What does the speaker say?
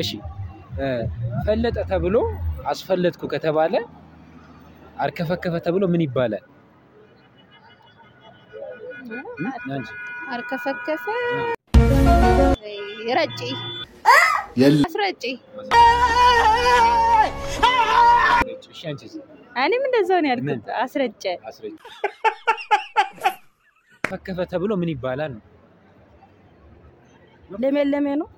እሺ ፈለጠ ተብሎ አስፈለጥኩ ከተባለ አርከፈከፈ ተብሎ ምን ይባላል? አርከፈከፈ ረጪ አስረጪ። እኔም እንደዛው ነው ያልኩት። አስረጨ ከፈከፈ ተብሎ ምን ይባላል? ለመለመ ነው።